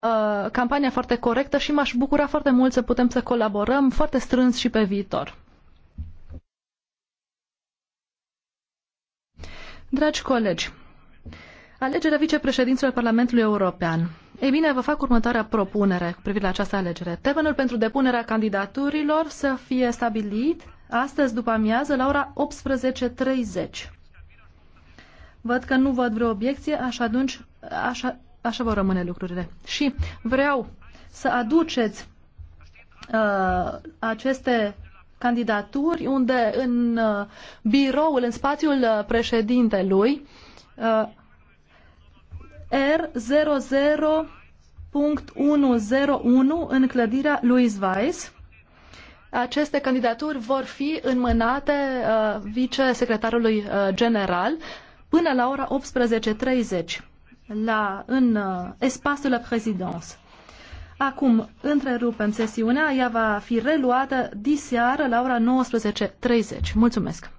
Uh, campania foarte corectă și m-aș bucura foarte mult să putem să colaborăm foarte strâns și pe viitor. Dragi colegi, alegerea vicepreședinților Parlamentului European. Ei bine, vă fac următoarea propunere cu privire la această alegere. Termenul pentru depunerea candidaturilor să fie stabilit astăzi după amiază la ora 18.30. Văd că nu văd vreo obiecție, așa atunci, așa, așa vor rămâne lucrurile. Și vreau să aduceți uh, aceste candidaturi unde în uh, biroul, în spațiul uh, președintelui uh, R00.101 în clădirea lui Weiss. Aceste candidaturi vor fi înmânate uh, vicesecretarului uh, general până la ora 18.30 la, în uh, espațiul la prezidență. Acum întrerupem sesiunea, ea va fi reluată diseară la ora 19.30. Mulțumesc!